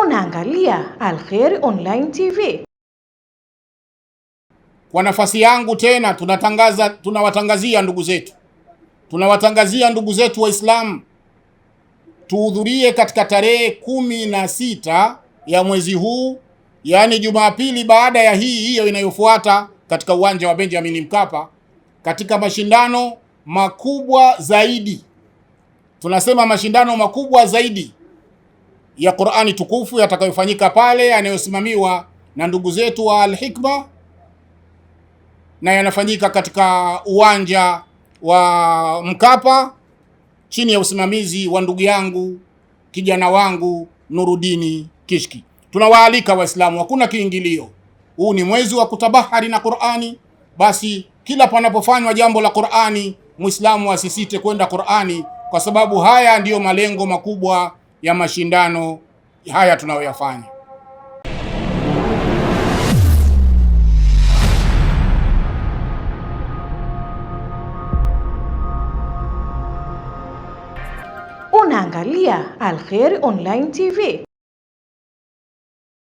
unaangalia Alkheri Online TV. Kwa nafasi yangu tena tunatangaza, tunawatangazia ndugu zetu, tunawatangazia ndugu zetu Waislamu tuhudhurie katika tarehe kumi na sita ya mwezi huu, yaani Jumapili baada ya hii hiyo inayofuata, katika uwanja wa Benjamin Mkapa katika mashindano makubwa zaidi, tunasema mashindano makubwa zaidi ya Qur'ani tukufu yatakayofanyika pale yanayosimamiwa na ndugu zetu wa Al-Hikma na yanafanyika katika uwanja wa Mkapa chini ya usimamizi wa ndugu yangu kijana wangu Nurudini Kishki. Tunawaalika Waislamu, hakuna kiingilio. Huu ni mwezi wa kutabahari na Qur'ani, basi kila panapofanywa jambo la Qur'ani, Muislamu asisite kwenda Qur'ani, kwa sababu haya ndiyo malengo makubwa ya mashindano haya tunayoyafanya. Unaangalia Alkheri Online TV.